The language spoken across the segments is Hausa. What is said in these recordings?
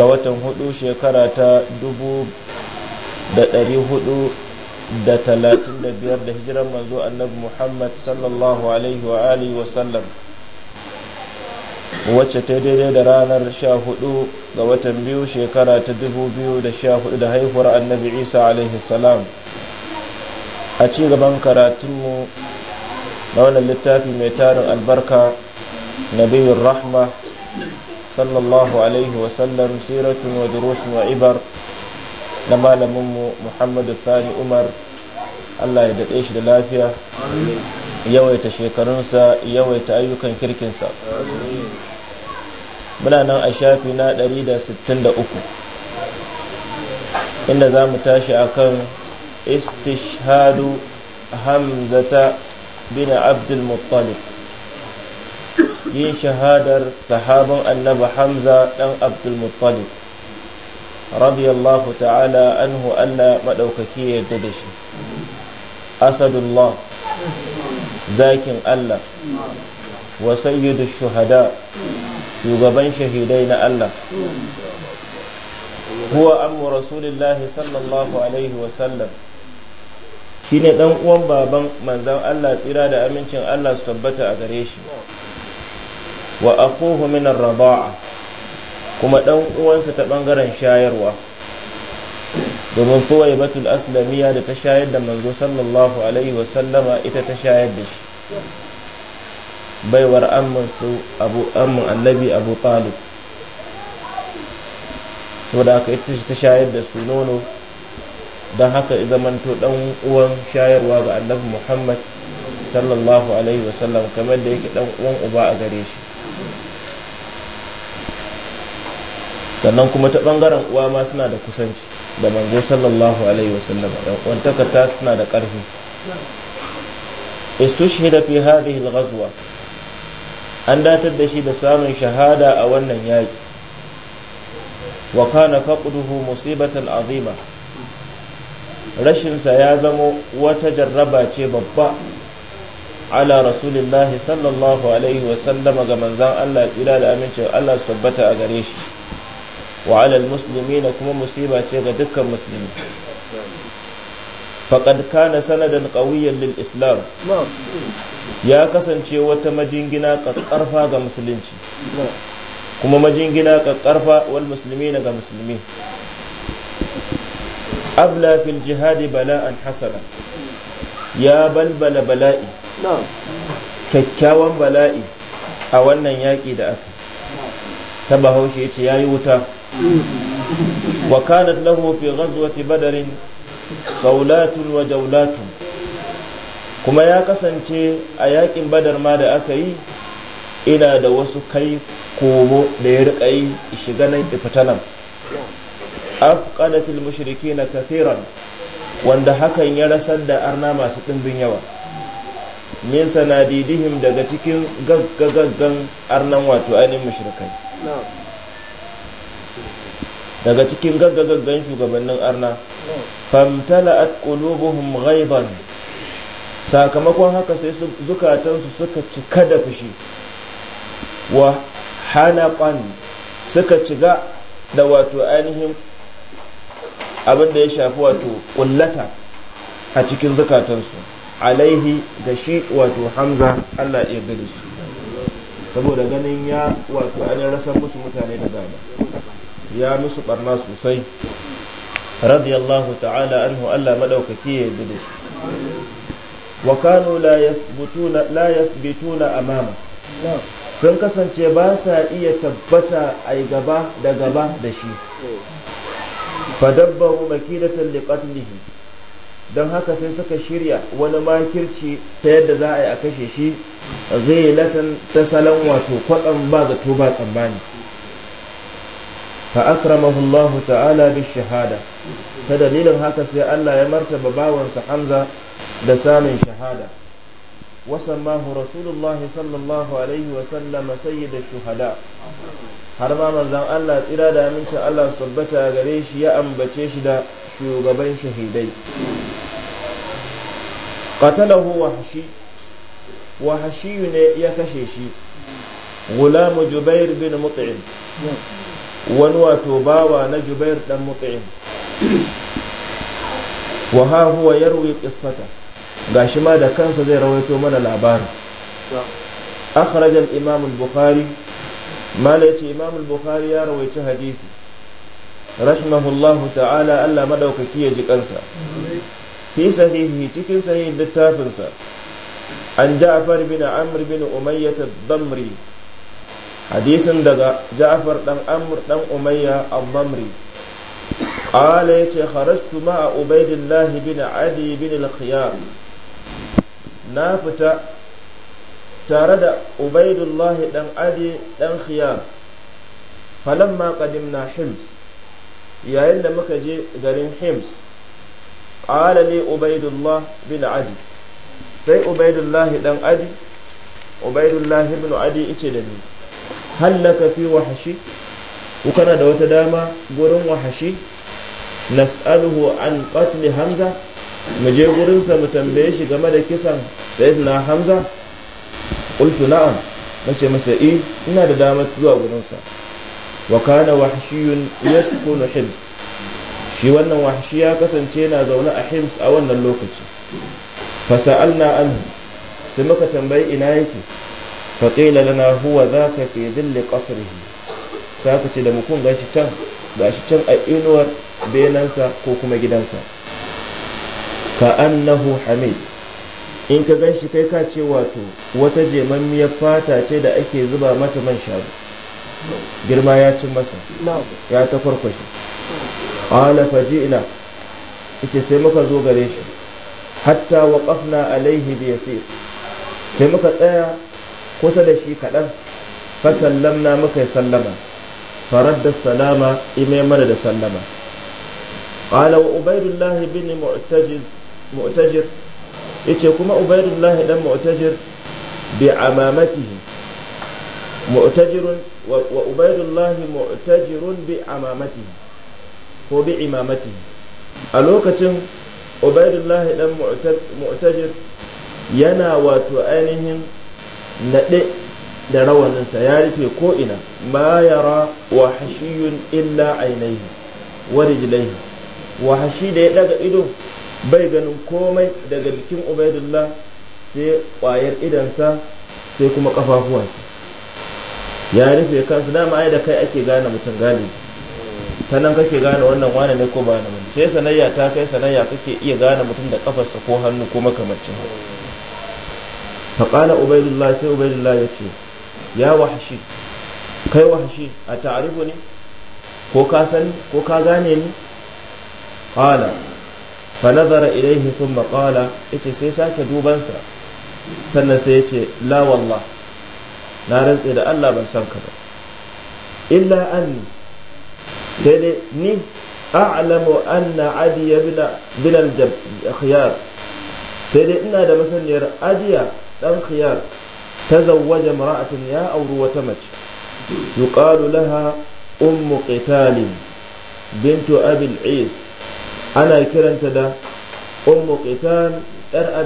ga watan hudu shekara ta dubu da hudu da talatin da biyar da hijiran manzo annabi muhammad sallallahu alaihi wa alihi wa sallam wacce ta daidai da ranar sha hudu ga watan biyu shekara ta dubu biyu da sha hudu da haihuwar annabi isa alaihi salam a ci gaban karatunmu na wannan littafi mai tarin albarka nabiyun rahma صلى الله عليه وسلم سيرة ودروس وعبر لما لمم محمد الثاني عمر الله يدعيش للافية yawaita shekarunsa yawaita ayyukan kirkinsa muna nan a shafi na uku. inda za mu tashi a kan istishhadu hamzata bin abdul yin shahadar sahabin annabi hamza ɗan abdulmuttalib radiyallahu ta'ala anhu allah maɗaukaki yadda da shi asadullah zakin allah wa sayyidu shuhada shugaban shahidai na allah huwa amma rasulillahi sallallahu alaihi wasallam shine ɗan uwan baban manzan allah tsira da amincin allah su tabbata a gare shi wa akuhu min ar kuma dan uwansa ta bangaren shayarwa domin fuwai batul aslamiya da ta shayar da manzo sallallahu alaihi wa sallama ita ta shayar da shi baiwar amman su abu amman annabi abu talib saboda haka ita ta shayar da su nono don haka zamanto dan uwan shayarwa ga annabi muhammad sallallahu alaihi wa sallam kamar da yake dan uwan uba a gare shi sannan kuma ta ɓangaren uwa ma suna da kusanci da manzo sallallahu alaihi wasallam yan uwantaka ta suna da karfi istushhida fi hadhihi al-ghazwa an datar da shi da samun shahada a wannan yaƙi. Wakana, kana faqduhu musibatan azima rashin sa ya zamo wata jarraba ce babba ala rasulillahi sallallahu alaihi wasallam ga manzon Allah tsira da amincin Allah su tabbata a gare shi wa alal musulmi na kuma musiba ce ga dukkan musulmi faƙad na sanadan ƙawiyyar lil islam ya kasance wata majingina ƙaƙƙarfa ga musulunci kuma majingina ƙaƙƙarfa wal musulmi na ga musulmi abla jihadi bala'an hasana ya balbala bala'i kyakkyawan bala'i a wannan yaƙi da aka ta bahaushe ya ce ya yi wuta Waƙar Lahofi ya rasu wa tibaɗarin Sa'ulatun waje Wul'atun. Kuma ya kasance a yaƙin badar ma da aka yi, ina da wasu kai-kobo da ya riƙayi, shiga nan da fita nan. Akwai lafin mushrikai na Kaffiran, wanda hakan ya rasa da arna masu ɗanɗun yawa. Mesa na daga cikin gaggaggan arnan wato an e daga cikin gaggagaggan shugabannin arna famtala'at qulubuhum ghaiban sakamakon haka sai zukatansu suka cika da fushi wa hanaqan suka ciga da wato ainihin abin da ya shafi wato kullata a cikin zukatansu alaihi ga shi wato hamza Allah ya gani saboda ganin ya wato an rasa musu mutane da dama ya musu barna sosai radiyallahu ta'ala anhu Allah madaukaki ya yi wa kanu la yathbutuna la yathbituna amama sun kasance ba sa iya tabbata a gaba da gaba da shi fadabbaru makidatan liqatlihi don haka sai suka shirya wani makirci ta yadda za a yi a kashe shi zai latan ta salon wato kwatsam ba zato ba tsammani fa akramahu Allah ta'ala bi shahada ta dalilin haka sai Allah ya martaba bawansa Hamza da samun shahada wasammahu rasulullahi sallallahu alaihi wa sallam sayyid shuhada har ma manzon Allah tsira da amincin Allah su tabbata gare shi ya ambace shi da shugaban shahidai qatalahu wahshi wahshi ne ya kashe shi غلام جبير bin مطعم wani wato bawa na jubair dan mut'im wa ha huwa yarwi qissata gashi ma da kansa zai rawaito mana labarin Akrajan al bukhari mala yace imamul al-bukhari ya rawaici hadisi rahimahullahu ta'ala Allah maɗaukaki ya ji kansa fi sahihi cikin sahihin littafinsa an ja'far bina amr bin umayyah damri hadisin daga ja'far dan amr dan umayya al-mamri qala ce kharajtu ma'a ubaidillah bin adi bin al-khiyar na fita tare da ubaidullah dan adi dan khiyar falamma qadimna hims yayin da muka je garin hims qala li ubaidullah bin adi sai ubaidullahi dan adi ubaidullahi bin adi ice da ni hallaka fi wahashi ko kana da wata dama gurin wahashi nas'aluhu an qatl hamza mu je sa mu tambaye shi game da kisan sayyidina hamza qultu na'am nace masa eh ina da damar zuwa gurinsa wa kana wahshiyun yaskunu hibs shi wannan wahshi ya kasance yana zaune a hibs a wannan lokaci fasa'alna an sai muka tambayi ina yake faƙila lana huwa za ka fi zille ƙasarhi sa ka ce da mukun gashi can a inuwar benansa ko kuma gidansa ka annahu hamid in ka ganshi kai ka ce wato wata miyar fata ce da ake zuba mata man shabu girma ya cin masa ya ta farkwashe ƙala faji'na ita sai muka zo gare shi hatta waƙafna alaihi biyasir sai muka tsaya kusa da shi kaɗan na muka yi sallama farar da salama ime mana da sallama ƙala wa ubaidullahi bin mu'tajir yace kuma ubaidullahi dan mu'tajir bi amamatihi mu'tajirun wa ubaidullahi mu'tajirun bi amamatihi ko bi imamatihi a lokacin ubaidullahi dan mu'tajir yana wato ainihin naɗe da rawaninsa ya rufe ko'ina ma yara wa hashiyun illa ainihi wa rijlaihi wa hashi da ya ɗaga ido bai ganin komai daga jikin ubaidullah sai ƙwayar idansa sai kuma ƙafafuwansa ya rufe kansa dama ai da kai ake gane mutum gane ta nan kake gane wannan wane ne ko ba na sai sanayya ta kai sanayya kake iya gane mutum da kafarsa ko hannu ko makamancin faƙala ubaidullah sai ubaidullah ya ce ya wahashi kai wahashi a ta'arifu ne ko ka ka gane ni ƙala fanazara ilaihi sun maƙala ya ce sai sake dubansa sannan sai ya ce la wallah na rantse da allah ban san ka ba illa anni sai dai ni a'lamu anna adiya bin al-khiyar sai dai ina da masaniyar ajiya. ɗan khiyar ta zawaje mara'atin ya auri wata mace yuqalu laha ummu qitalin bintu ana kiranta da ummu qital yar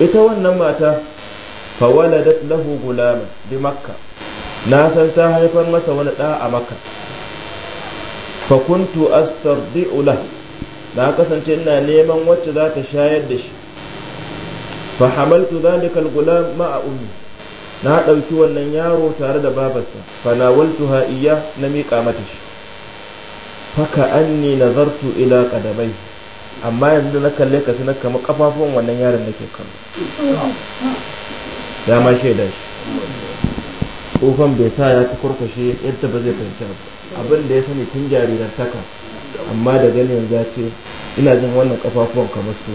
ita wannan mata fawaladat lahu gulama bi makka na san ta haifar masa wani ɗa a makka fakuntu astardi'u lahu na kasance ina neman wacce za ta shayar da shi fa hamaltu dhalika al-gulam ma'a ummi na dauki wannan yaro tare da babarsa fa nawaltuha iya na miƙa mata shi faka anni nazartu ila qadamai amma yanzu da na kalle ka sai na kama kafafuwan wannan yaron nake kallo ya ma shaida shi kofan bai sa ya ta kurkushe yadda ba zai fahimci abu abin da ya sani tun jariran taka amma da ganin ya ce ina jin wannan kafafuwan kamar su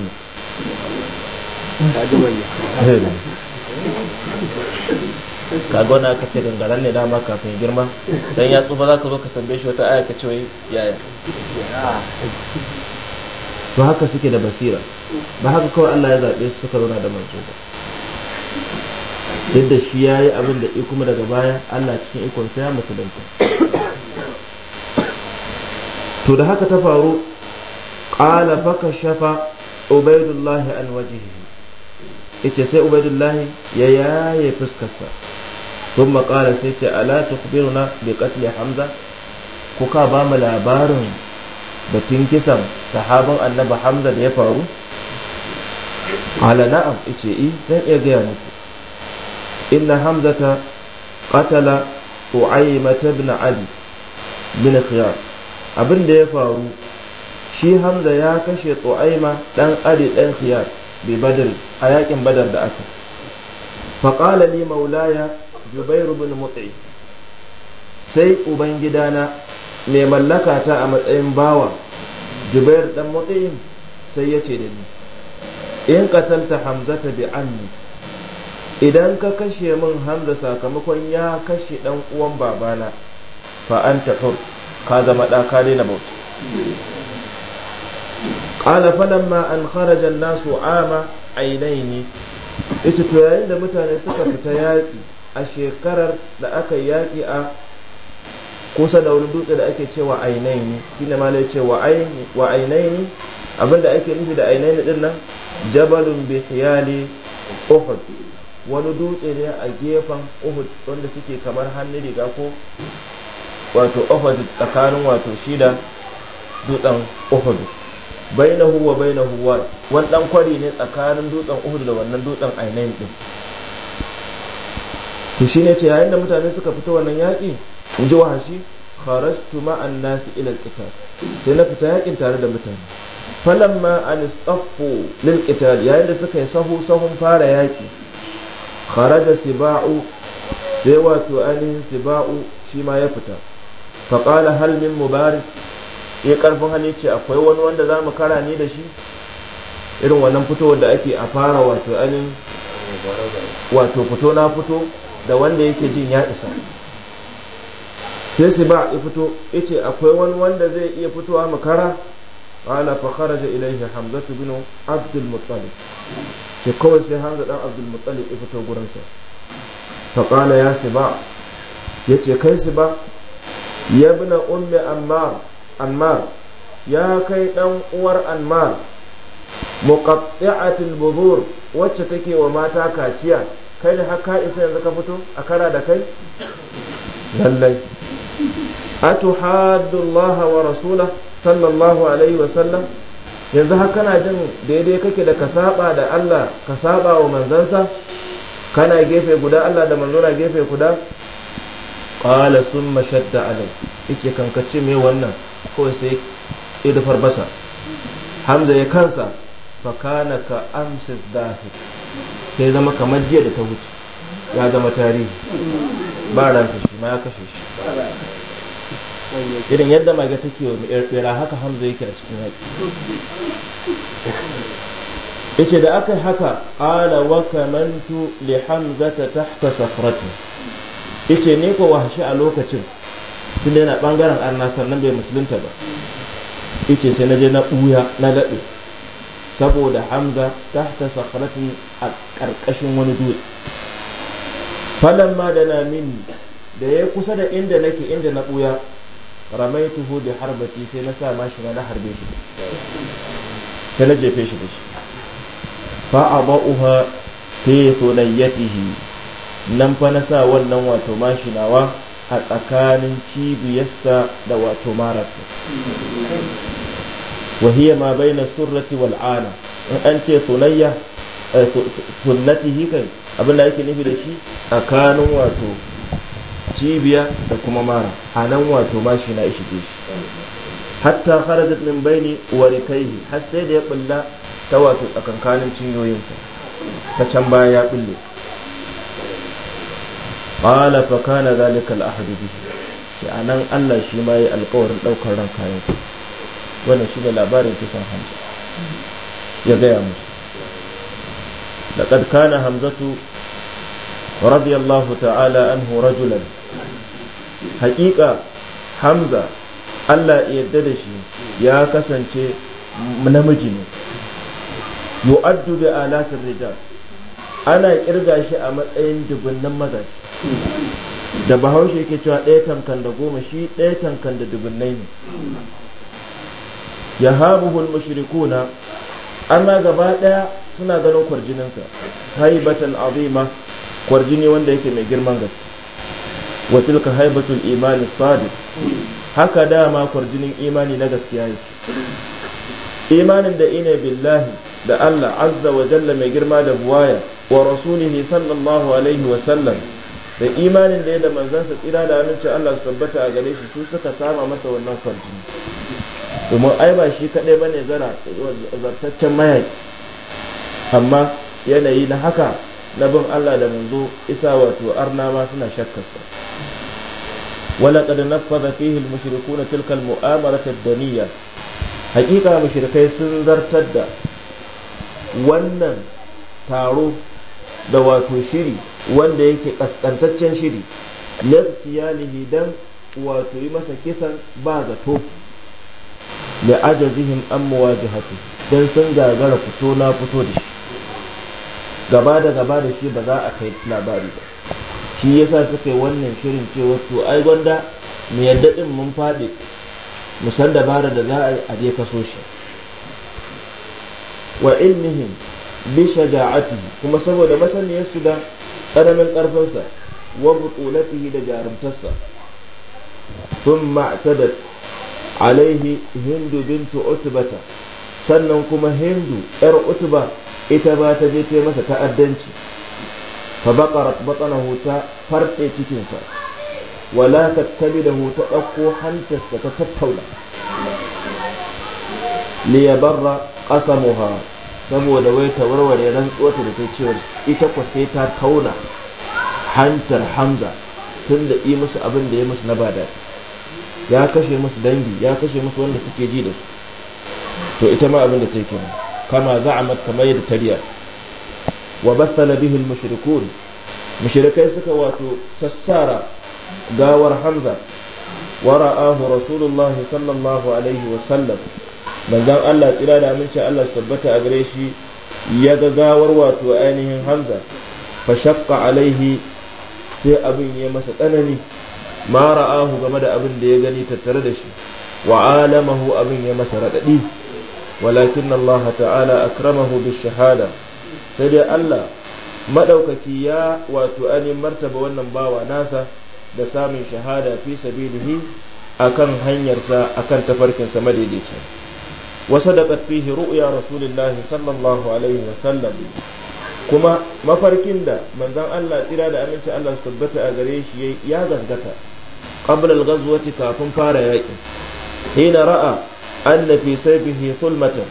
kaga aka ce dangaren ne dama kafin girma dan ya tsufa za ka zo ka tambaye shi wata aya ka ce wai yaya ba haka suke da basira ba haka kawai Allah ya zaɓe su suka zauna da manzo ba yadda shi ya yi abin da kuma daga baya Allah cikin ikon sa ya danta, to da haka ta faru qala fa kashafa ubaidullahi an wajhihi yace sai ubaidullahi ya yaye fuskarsa sun makala sai ce ala tukhbiruna bi qatli hamza kuka ba mu labarin batun kisan sahabin annabi hamza da ya faru ala na'am ice i eh, zan iya gaya muku inna ta qatala uaymata ibn ali bin khiyar abin da ya faru shi hamza ya kashe tsu'aima dan ali dan khiyar bi badr a yakin badar da aka faƙala li maulaya jubairu bin mut'i sai ubangidana mai mallaka ta a matsayin bawa jubair dan mut'i sai yace da ni in qatalta hamzata bi anni idan ka kashe min hamza sakamakon ya kashe dan uwan babana fa anta hur ka zama da ka daina bauta qala falamma an kharaja nasu ama ainaini ita to yayin da mutane suka fita yaƙi a shekarar da aka yaƙi a kusa da wani dutse da ake cewa ainaini ne ma ce wa ainaini abinda ake nufi da ainaini din nan jabalun bi khiyali uhud wani dutse ne a gefen uhud wanda suke kamar hannu riga ko wato uhud tsakanin wato shida dutsen uhud bainahu wa bainahu wa wani dan kwari ne tsakanin dutsen Uhud da wannan dutsen Ainain din to shine ce yayin da mutane suka fita wannan yaƙi in ji wahashi kharajtu ma'an nasi ila alqital sai na fita yaƙin tare da mutane falamma an istaffu lil qital yayin da suka yi sahu sahun fara yaƙi kharaja siba'u sai wato ainihin siba'u shi ma ya fita qala hal min mubaris ya karfin hali ce akwai wani wanda za mu kara ni da shi irin wannan fito da ake a fara wato anin wato fito na fito da wanda yake jin ya isa sai su ba ya fito ya ce akwai wani wanda zai iya fitowa makara ala fa kharaja ilaihi hamzatu bin abdul muttalib ke kawai sai hamza dan abdul muttalib ya fito gurin sa fa qala ya siba yace kai siba yabna ummi ammar anmar ya kai ɗan uwar anmar muqatti'atul buzur wacce take wa mata kaciya kai da haka isa yanzu ka fito a kara da kai lallai atuhaddullaha wa rasula sallallahu alaihi wa sallam yanzu haka kana jin daidai kake da ka saba da Allah ka saba wa manzansa kana gefe guda Allah da manzona gefe guda qala summa shadda alai yace kankace me wannan kawai sai irfar basa hamza ya kansa fakana ka amsis dafi sai zama kamar jiya da ta wuce ya zama tarihi ba ransa shi ma ya kashe shi irin yadda ga take wa bera haka hamza yake a cikin haƙi yace da aka haka ala wa kamantu li hamzata tahta safratin yace ne ko wahshi a lokacin da yana bangaren na sannan bai musulunta ba ita sai na je na buya na daɗe saboda hamza ta tahta sakhratin a ƙarƙashin wani dutse ma da na mini da ya kusa da inda nake inda na buya tuho da harbati sai na sa mashi na harbe shi sai na jefe shi da shi fa ba'uha fe tonayyatihi nan fa na sa wannan wato mashi nawa a tsakanin cibiyarsa da wato marasa wahiyya ma bai na surrati wal'ana in an ce sunayya eh, sunnatihi kai abinda yake nufi da shi tsakanin wato cibiya da kuma mara a nan wato mashi na ishi shi hatta harajat min baini warikaihi har sai da ya bulla ta wato tsakankanin cinyoyinsa ta can baya ya bulle qala fa kana zalika al-ahd bihi shi anan Allah shi ma yi alƙawarin ɗaukar ran kayansa wannan shi ne labarin kisan Hamza ya gaya musu laqad kana hamzatu radiyallahu ta'ala anhu rajulan haƙiƙa Hamza Allah ya yarda da shi ya kasance namiji ne yu'addu bi alatir rijal ana kirga shi a matsayin dubunnan mazaje da bahaushe yake cewa ɗaya tankan da goma shi ɗaya tankan da dubunnai ne ya habuhul mushrikuna amma gaba ɗaya suna ganin kwarjininsa haibatan azima kwarjini wanda yake mai girman gaske wa haibatul imani sadiq haka dama kwarjinin imani na gaskiya yake imanin da ina billahi da Allah azza wa jalla mai girma da buwaya wa rasulihi sallallahu alaihi wa sallam da imanin da ya da manzansa tsira da amincin Allah su tabbata a gare shi su suka sama masa wannan kwarjini domin ai ba shi kaɗai ne zara zartaccen mayaki amma yanayi na haka na bin Allah da manzo isa wato arna ma suna shakkarsa ولقد نفذ فيه المشركون تلك المؤامرة الدنية حقيقة مشركي سنزر تدى ونن تارو دواتو شري wanda yake kaskantaccen shiri na tiyalihi dan wato yi masa kisan ba zato da ajazihin an hatu don sun gagara fito na fito da shi gaba da gaba da shi ba za a kai labari ba shi yasa suka yi wannan shirin cewa to ai gwanda mu yadda din mun faɗi mu san dabara da za a yi a je kaso shi wa ilmihim bi shaja'atihi kuma saboda masaniyar su da tsananin ƙarfinsa wa buƙulatihi da jarumtarsa sun ma'tadat alaihi hindu bintu utbata sannan kuma hindu yar utba ita ba ta je ta masa ta'addanci fa baqarat batnahu ta cikinsa wala da ta ɗauko hantarsa ta tattauna liyabarra qasamuha saboda wai ta warware rantsuwarta da ta cewar ita kwa sai ta tauna hantar hamza tun da yi musu abin da ya musu na ba ya kashe musu dangi ya kashe musu wanda suke ji da su to ita ma abin da ta kenan kama za za'amat kamar yadda tariya wa battala na al-mushrikun mushrikai suka wato sassara gawar hamza Wara'ahu, ra'ahu rasulullahi sallallahu alaihi wa sallam manzan Allah tsira da amince Allah su tabbata a gare shi ya gawar wato ainihin hamza fa shaqqa alaihi sai abin ya masa tsanani ma ra'ahu game da abin da ya gani tattare da shi wa alamahu abin ya masa raɗaɗi. walakin Allah ta'ala akramahu bi shahada sai dai Allah madaukaki ya wato ainihin martaba wannan bawa nasa da samun shahada fi sabilihi akan hanyarsa akan tafarkinsa madaidaici وصدقت فيه رؤيا رسول الله صلى الله عليه kuma mafarkin da manzon Allah tsira da aminci Allah su tabbata a gare shi ya gasgata qabla al-ghazwati kafin fara yaki hina ra'a anna fi sayfihi thulmatan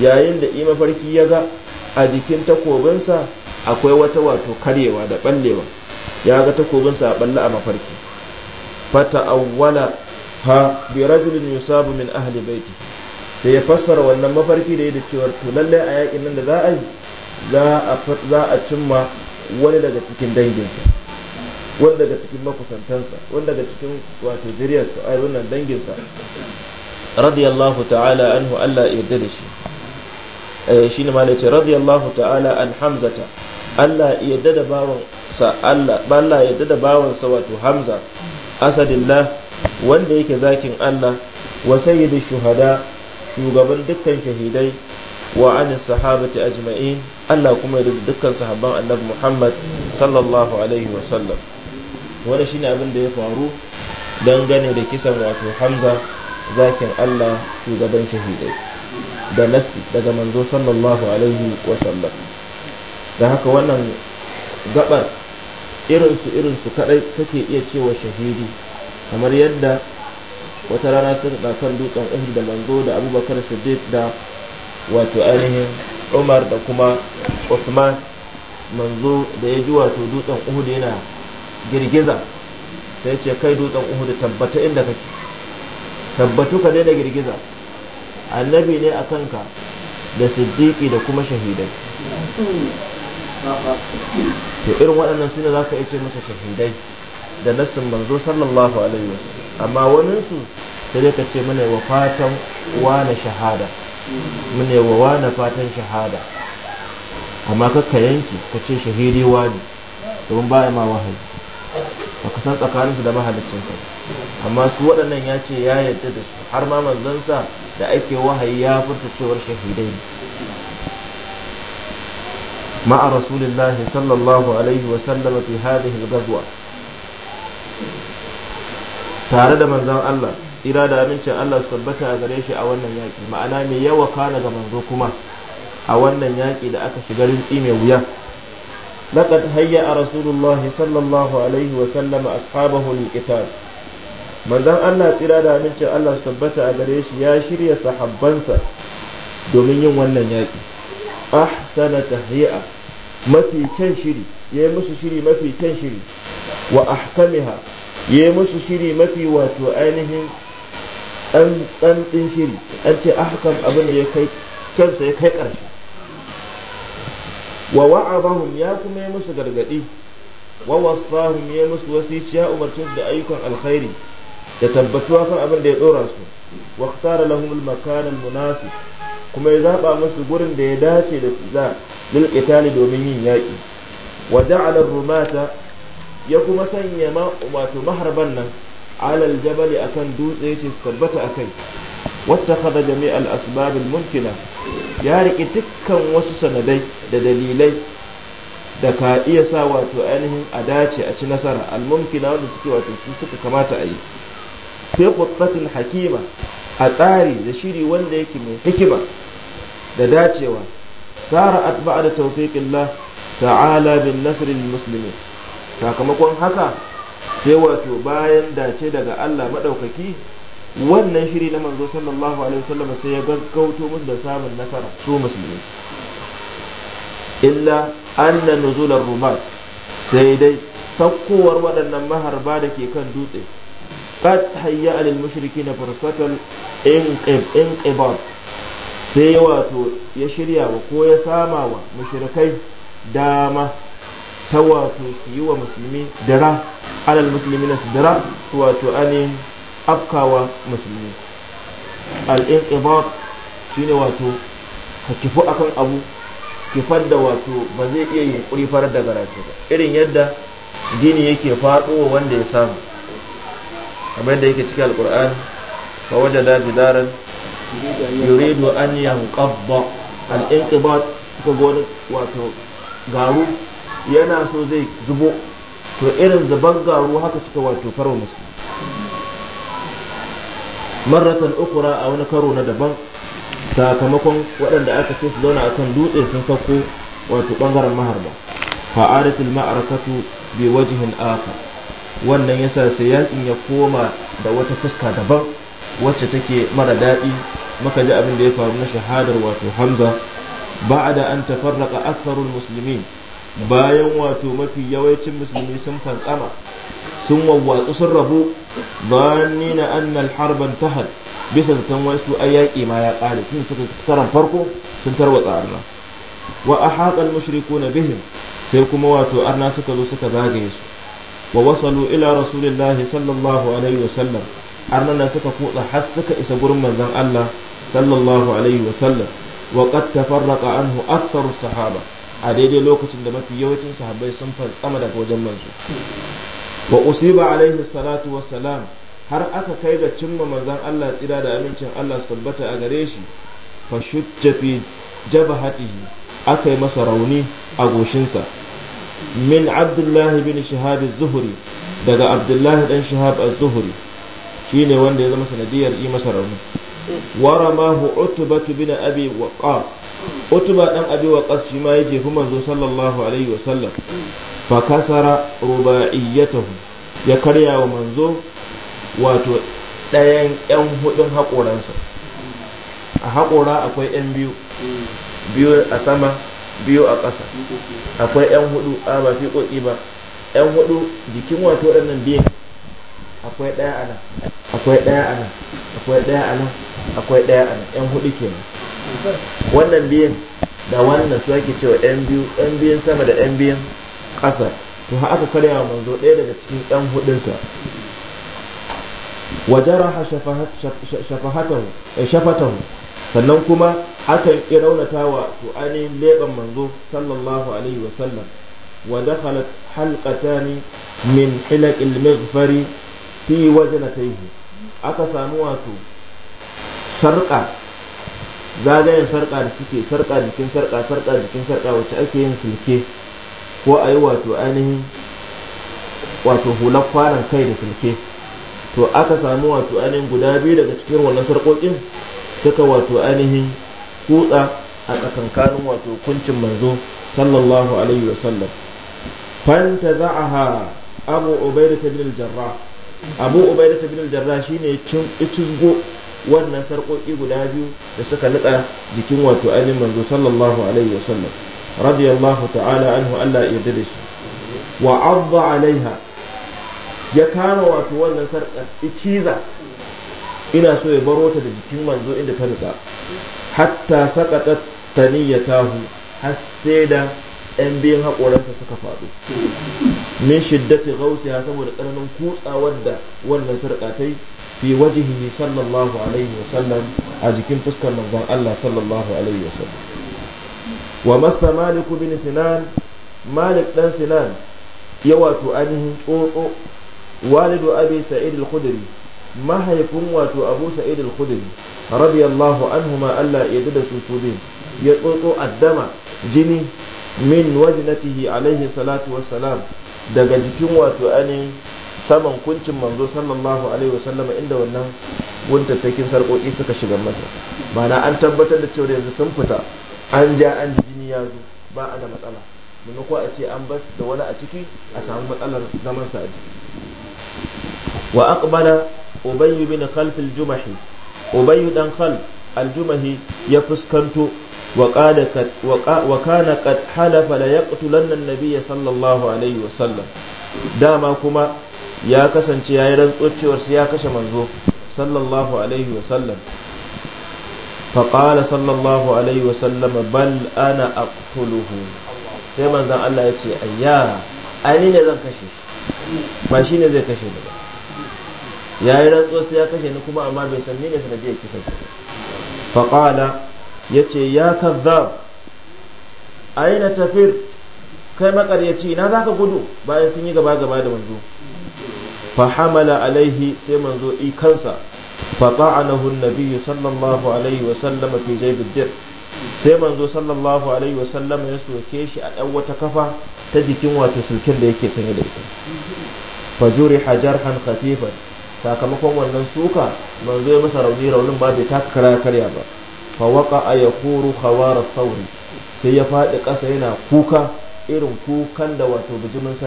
yayin da i mafarki ya ga a jikin takobinsa akwai wata wato karyewa da ballewa ya ga takobinsa a balle a mafarki fata awwala ha bi rajulin yusabu min ahli baiti sai ya fassara wannan mafarki da ya da cewar to lalle a yakin nan da za a yi za a cimma wani daga cikin danginsa wani daga cikin makusantansa wani daga cikin wato zuriyarsa a wannan danginsa radiyallahu ta'ala anhu Allah ya yarda da shi eh, shi ne malace radiyallahu ta'ala an hamzata Allah ya yarda da bawansa Allah Allah ya yarda da wato hamza asadillah wanda yake zakin Allah wa sayyidish shuhada shugaban dukkan shahidai wa an sahabati ajma'in Allah kuma ya rubuta dukkan sahabban annabi Muhammad sallallahu alaihi wa sallam wanda shine abin da ya faru dangane da kisan wato Hamza zakin Allah shugaban shahidai da nasi daga manzo sallallahu alaihi wa sallam da haka wannan gabar irinsu irinsu kadai kake iya cewa shahidi kamar yadda wata rana suka kan dutsen uhud da manzo da abubakar siddiq da wato ainihin umar da kuma uthman manzo da ya ji wato dutsen uhud yana girgiza sai ce kai dutsen uhud tabbata inda kake tabbatu ka daina girgiza annabi ne a kanka da siddiqi da kuma shahidai to irin waɗannan su ne za ka iya ce masa shahidai da nassin manzo sallallahu alaihi wasallam amma waninsu sai dai ka ce muna wa fatan wane shahada muna wa wane fatan shahada amma ka yanki ka ce shahidi wani domin ba ma wahayi ba ka san tsakaninsu da mahalicinsa amma su waɗannan ya ce ya yadda da su har ma manzansa da ake wahayi ya furta cewar shahidai ma'a rasulillahi sallallahu alaihi wasallam fi hadhihi al-ghazwa tare da manzon Allah ira da amincin Allah su tabbata a gare shi a wannan yaƙi ma'ana mai yawa kana ga manzo kuma a wannan yaƙi da aka shiga rinci mai wuya laqad hayya rasulullahi sallallahu alaihi wa sallam ashabahu liqital manzon Allah tsira da amincin Allah su tabbata a gare shi ya shirya sahabbansa domin yin wannan yaƙi ahsana tahyi'a mafi kyan shiri yayi musu shiri mafi kyan shiri wa ahkamiha ya yi musu shiri mafi wato ainihin tsantsan shiri an ce ahkam abin da ya kai kansa ya kai ƙarshe wa wa'abahum ya kuma yi musu gargaɗi wa wasahum ya musu wasici umarcin da ayyukan alkhairi da tabbatuwa kan abin da ya dora su wa ktara lahum al-makan kuma ya zaba musu gurin da ya dace da su za lil domin yin yaƙi wa ja'ala rumata ya kuma sanya wato maharban nan alal jabali akan dutse ce su tabbata akai Wata jami' jami'ar asbab al ya riki dukkan wasu sanadai da dalilai da ka iya sa wato ainihin a dace a ci nasara al mumkina wanda suke wato su suka kamata a yi fi quttatin hakima a tsari da shiri wanda yake mai hikima da dacewa sara'at da tawfiqillah ta'ala bin nasrin muslimin sakamakon haka sai wato bayan dace daga Allah maɗaukaki wannan shiri na manzo sallallahu alaihi wasallam sai ya gaggauto musu da samun nasara su musulmi illa anna nuzular rumat sai dai sakkowar waɗannan maharba da ke kan dutse qad hayya fursatan in na in inqibad sai wato ya shirya wa ko ya sama wa mushrikai dama ta wato su yi wa musulmi dara alal musulmi na su dara wato ainihin afkawa musulmi al'in ibar shi ne wato ka kifu akan abu kifar da wato ba zai iya yunkuri farar da garaje ba irin yadda gini yake faɗo wa wanda ya samu kamar yadda yake cikin alkur'ani fa da jidaran yuridu an yanqadda al-inqibat suka wato garu yana so zai zubo to irin zuban garu haka suka wato farwa musu marratan ukura a wani karo na daban sakamakon waɗanda aka ce su zauna akan dutse sun sauko wato ɓangaren maharba fa'adatul ma'arakatu bi wajihin aka wannan yasa sai yakin ya koma da wata fuska daban wacce take mara daɗi maka ji abin da ya faru na shahadar wato hamza ba'ada an tafarraqa aktharul muslimin bayan wato mafi yawancin musulmi sun fantsama sun wawwatsu sun rabu na annal harban tahal bisa zaton wasu ai yaƙi ma ya ƙare tun suka karan farko sun tarwatsa arna wa ahaqal mushrikuna bihin sai kuma wato arna suka zo suka zagaye su wa wasalu ila rasulillahi sallallahu alaihi wasallam arna na suka kutsa har suka isa gurin manzon Allah sallallahu alaihi wasallam wa qad tafarraqa anhu aktharus sahaba a daidai lokacin da mafi yawancin sahabbai sun fantsama daga wajen manzo wa usiba alaihi salatu wassalam har aka kai ga cimma manzon Allah tsira da amincin Allah su tabbata a gare shi fa shujja fi jabhatihi aka yi masa rauni a goshinsa min abdullahi bin shahab az-zuhri daga abdullahi dan shahab az-zuhri shine wanda ya zama sanadiyar yi masa rauni waramahu utbatu bin abi waqas utuba dan abi waqas shi ma yake fi manzo sallallahu alaihi wa sallam fa kasara rubaiyatahu ya karya wa manzo wato ɗayan yan hudun haƙoransa a haƙora akwai yan biyu biyu a sama biyu a ƙasa akwai yan hudu a ba fi koki ba yan hudu jikin wato waɗannan biyan akwai daya a nan akwai daya a nan akwai ɗaya a nan akwai ɗaya a nan yan hudu kenan wannan biyan da wannan su ake cewa yan biyu yan biyan sama da yan biyan ƙasa to ha aka karya wa manzo ɗaya daga cikin yan hudunsa wajaraha shafahatahu eh, shafatahu sannan kuma hakan ya raunata wa to ainihin leɓen manzo sallallahu alaihi wasallam wa dakhalat halqatani min hilaqil maghfari fi wajnatayhi aka samu wato sarƙa zagayen sarƙa da suke sarƙa jikin sarƙa sarƙa jikin sarƙa wacce ake yin silke ko a yi wato ainihin wato hular kwanan kai da silke to aka samu wato ainihin guda biyu daga cikin wannan sarƙoƙin suka wato ainihin kutsa a tsakankanin wato kuncin manzo sallallahu alaihi wa sallam fanta za'aha abu ta bin jarra abu ta bin jarra shine cin icizgo wannan sarƙoƙi guda biyu da suka nutsa jikin wato ainihin manzo sallallahu alaihi wasallam radiyallahu ta'ala anhu Allah ya yarda da shi wa adda alaiha ya kama wato wannan sarƙar ikiza ina so ya baro ta da jikin manzo inda ta nutsa hatta sakata taniyatahu har sai da yan biyan haƙoransa suka faɗo min shiddati gausiya saboda tsananin kutsawar da wannan sarƙa ta yi fi wajihi sallallahu alaihi wasallam a jikin fuskar manzon Allah sallallahu alaihi wasallam wa masa malik bin sinan malik dan sinan ya wato ainihin tsotso walidu abi sa'id al-khudri mahaifin wato abu sa'id al-khudri radiyallahu anhuma Allah ya da su su bin ya tsotso addama jini min wajnatihi alaihi salatu wassalam daga jikin wato ainihin saman kuncin manzo sallallahu alaihi wasallama inda wannan guntattakin sarƙoƙi suka shiga masa mana an tabbatar da cewa yanzu sun fita an ja an ji jini ya zo ba a da matsala ko a ce an bas da wani a ciki a samu matsalar zaman sa wa aqbala ubayy bin khalf al-jumahi ubayy dan khalf al-jumahi ya fuskanto wa kana qad halafa la yaqtulanna an-nabiy sallallahu alaihi wasallam dama kuma ya kasance ya yi rantsuwar cewar sai ya kashe manzo sallallahu alaihi wasallam faƙala sallallahu alaihi wasallam bal ana aqtuluhu sai manzan Allah ya ce ayya ani ne zan kashe shi ba shi ne zai kashe ni ba ya yi rantsuwar sai ya kashe ni kuma amma bai san ni ne sanadiyar kisan sa faƙala ya ce ya kazzab aina tafir kai makaryaci na za ka gudu bayan sun yi gaba gaba da manzo fa hamala alaihi sai manzo i kansa fa ta'anahu annabi sallallahu alaihi wa sallam fi jaybid dir sai manzo sallallahu alaihi wa sallam ya soke shi a dan wata kafa ta jikin wato sulkin da yake sanye da ita fa hajar han khafifan sakamakon wannan suka manzo ya masa rauni raunin ba bai taka kara karya ba fa waqa ayquru khawara thawri sai ya fadi kasa yana kuka irin kukan da wato bijimin sa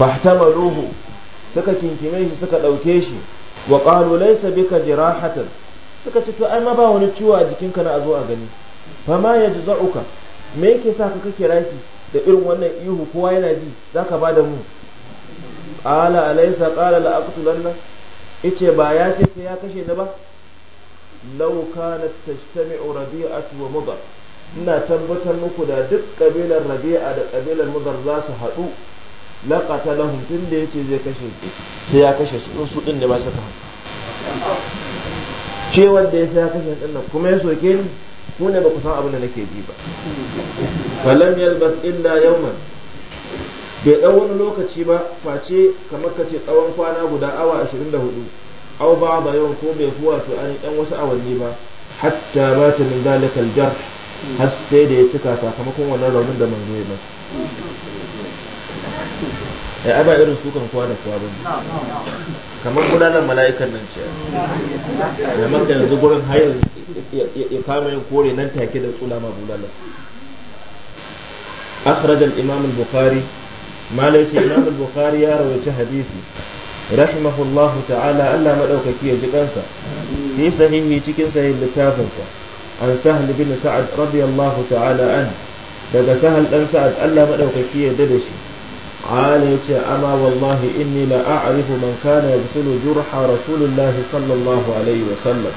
fahtamaluhu suka kinkime shi suka ɗauke shi wa qalu laysa bika jirahatan suka ce to ai ma ba wani ciwo a jikinka na zo a gani fa ma yajza'uka me yake sa ka kake raki da irin wannan ihu kowa yana ji zaka bada mu ƙala alaysa qala la aqtulanna ice ba ya ce sai ya kashe ni ba law kana tajtami'u rabi'atu wa mudar ina tabbatar muku da duk kabilar rabi'a da kabilar mudar za su haɗu laƙata lahun tun da ya ce zai kashe su sai ya kashe su ɗin su ɗin da ba su ka ce wanda ya sai ya kashe ɗin nan kuma ya soke ni ku ne ba ku san abin da nake ji ba falam yalbas illa yawman bai ɗan wani lokaci ba face kamar ka ce tsawon kwana guda awa 24 au ba ba yawan ko bai kuwa to an ɗan wasu awanni ba hatta ba ta min zalikal jar har sai da ya cika sakamakon wannan raunin da manzo ya masa ya eh, ai ba irin sukan kowa da kowa bane kamar gudanar mala'ikan nan ce ya maka yanzu gurin hayar ya kama yin kore nan take da tsula ma bulala akhraj al imam al bukhari malai ce imam al bukhari ya rawaita hadisi rahimahullah ta'ala Allah madaukaki ya ji kansa fi sahihi cikin sahih littafinsa an sahl bin sa'ad radiyallahu ta'ala an daga sahal dan sa'ad Allah madaukaki ya dade shi قال يتي أما والله إني لا أعرف من كان يغسل جرح رسول الله صلى الله عليه وسلم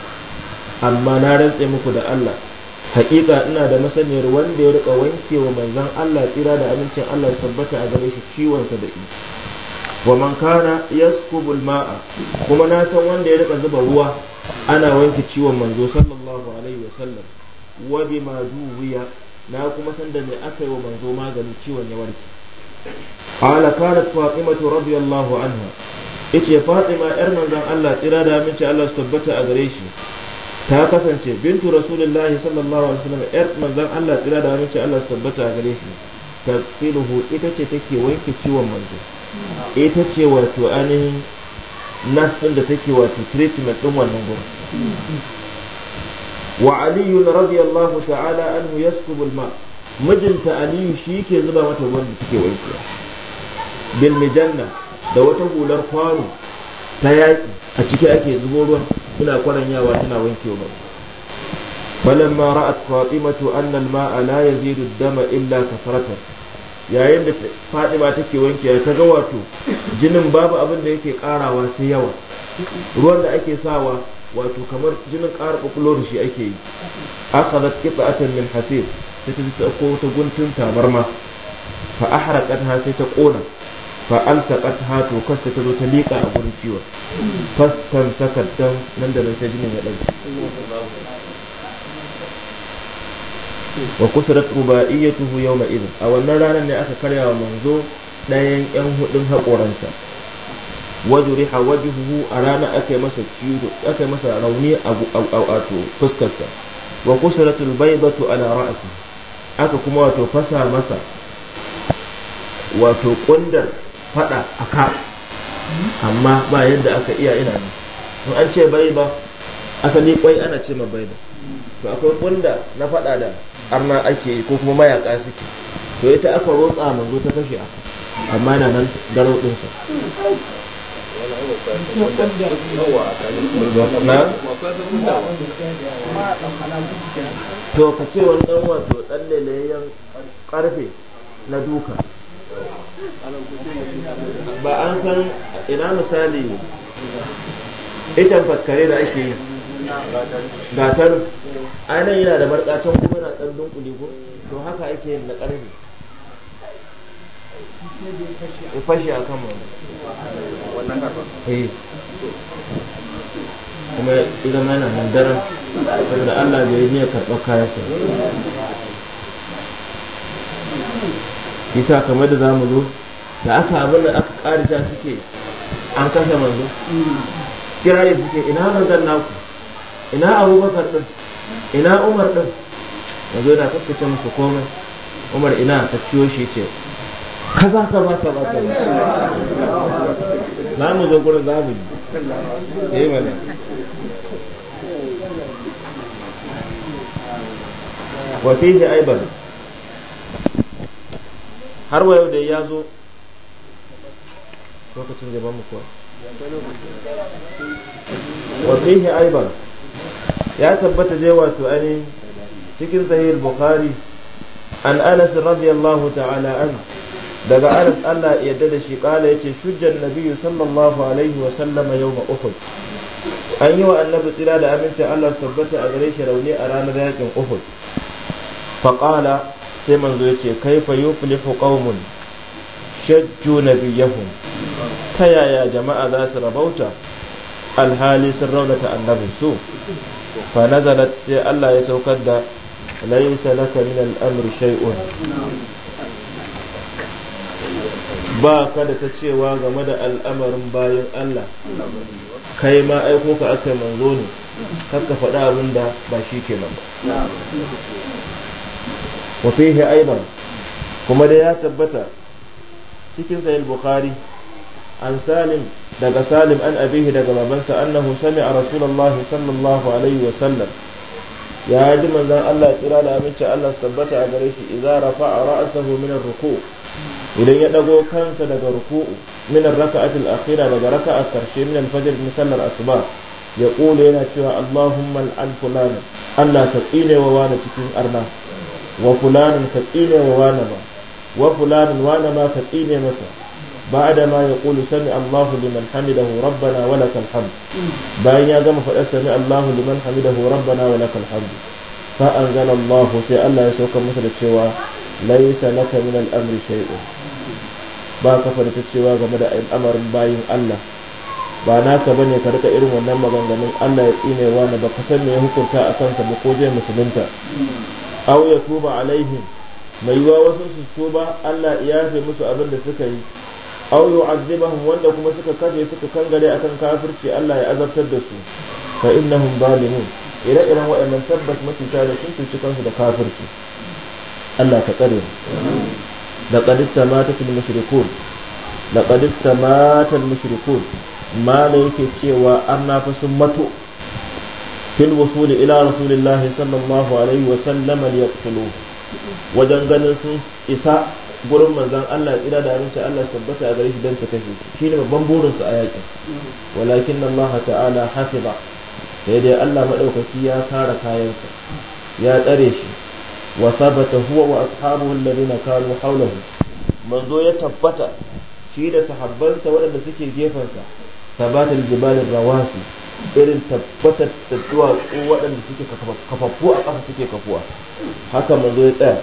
أما نارن تمكو دا الله حقيقة إنا دا مسنير وان دي رقا وانكي ومن زن الله تيرا دا أمنتين الله يثبت أغريش شيوان سدئي ومن كان يسكب الماء كما ناسا وان دي رقا زبا هو أنا وانكي شيوان منزو صلى الله عليه وسلم وبما دوبيا na kuma san da mai aka yi wa manzo maganin qala kanat fatimatu radiyallahu anha yace fatima yar manzon Allah tsira da aminci Allah su tabbata a gare shi ta kasance bintu rasulullahi sallallahu alaihi wasallam yar manzon Allah tsira da aminci Allah su tabbata a gare shi tafsiruhu ita ce take wanke ciwon manzo ita ce wato ainihin nas din da take wato treatment din wannan gurin wa aliyu radiyallahu ta'ala anhu yaskubu mijinta aliyu shi ke zuba mata ruwan da take wankewa bilmijanna da wata hular kwano ta yaƙi a ciki ake zubo ruwan tana kwaranyawa tana wanke wa falamma ra'at fatimatu anna al-ma'a la yazidu dama illa kafaratan yayin da fatima take wanke ta ga wato jinin babu abin da yake karawa sai yawa ruwan da ake sawa wato kamar jinin ƙara bukulo da shi ake yi akhadat qita'atan min hasib sai ta ko ta guntun tabarma fa ahraqatha sai ta kona fa amsaqat ha to kasta ta zo ta liƙa a gurin ciwon fastan sakaddan nan da nan sai jinin ya ɗauke wa tuhu rubaiyatuhu yawma idin a wannan ranar ne aka karya wa manzo ɗayan yan hudun haƙoransa wajuriha wajuhu a ranar aka yi masa rauni a fuskarsa wa kusuratul baydatu ala ra'si aka kuma wato fasa masa wato ƙundar. faɗa a ka amma ba yadda aka iya ina ne in an ce bai ba asali kwai ana ce ma bai ba to akwai kunda na faɗa da arna ake ko kuma mayaka suke to ita aka rotsa manzo ta kashe aka amma na nan garo sa to ka ce wani dan wato ɗan lelayen ƙarfe na duka ba an san ina misali itan faskare da ake yi gatar ainihin yana da barkacin kuma na ɗan dunkuli ko to haka ake yin na ƙarfi ya fashe a kan wannan eh. kuma idan mana nan daren saboda allah bai yi niyyar karɓar kayansa yasa kamar da zamu zo da aka abin da aka karisa suke an kasa manzo kirare suke ina manzon naku ina abubakar din ina umar din yanzu yana kakkace musu komai umar ina ta ciyo shi ce kaza ka ba ka ba ka ba za mu zo gurin za mu yi eh mana wa fihi aiban har wa da ya zo lokacin ba mu kuwa wafihi ya tabbata dai wato ainihin cikin sahih bukhari an anas radiyallahu ta'ala an daga anas Allah yadda da shi kala yace shujjan nabiyyu sallallahu alaihi wa sallam yawma uhud an yi wa annabi tsira da amincin Allah su tabbata a gare shi rauni a ranar yakin uhud faqala sai manzo yace kaifa filifu qaumun shajju nabiyahum ta yaya jama'a za su rabauta alhali sun raunata annabin su fa nazalat sai Allah ya saukar da laisa laka min al-amri shay'un ba ka da ta cewa game da al'amarin bayan Allah kai ma aiko ka aka manzo ne kakka faɗa abin da ba shi kenan ba wa fihi aidan kuma da ya tabbata cikin sahih daga salim an abihi daga babansa annahu sami'a rasulullahi sallallahu alaihi ya ji manzon Allah tsira da aminci Allah su tabbata a gare shi idza rafa'a ra'sahu min ar-ruku' idan ya dago kansa daga ruku'u min ar-raka'ati al-akhira daga raka'a karshe min al misallar min asuba ya kula yana cewa Allahumma al-an fulana Allah ka tsine wa cikin arna wa fulanin ka tsine wa wane ma wa fulanin wane ka tsine masa da ma kulu sami Allahu liman hamidahu rabbana wa lakal hamd bayan ya gama faɗar sami Allahu liman hamidahu rabbana wa lakal hamd fa anzala Allahu sai Allah ya sauka masa da cewa laysa laka min al-amri shay'un ba ka fadita cewa game da al'amarin bayin Allah ba naka bane ka rika irin wannan maganganun Allah ya tsine wa ba ka san me ya hukunta a kansa ba ko zai musulunta aw ya tuba alaihim mai yiwa wasu su tuba Allah ya yafe musu abin da suka yi aw yu'adhibahum wanda kuma suka kafe suka kangare akan kafirci Allah ya azabtar da su fa innahum zalimun ire-iren waɗannan tabbas matuta da sun cuci kansu da kafirci Allah ka tsare da qadista matatul mushrikun da qadista al mushrikun ma yake cewa an nafa sun mato fil wusul ila rasulillahi sallallahu alaihi wa sallam liyaqtulu wajen ganin sun isa gurin manzan Allah tsira da aminci Allah tabbata a gare shi dan su kashe shi ne babban burinsu a yakin walakin Allah ta'ala hafiza sai dai Allah maɗaukaki ya kare kayansa ya tsare shi wa thabata huwa wa ashabuhu alladhina kanu hawlahu manzo ya tabbata shi da sahabbansa waɗanda suke gefensa tabatal jibalin rawasi irin tabbatar da duwatsu waɗanda suke kafaffu a ƙasa suke kafuwa haka manzo ya tsaya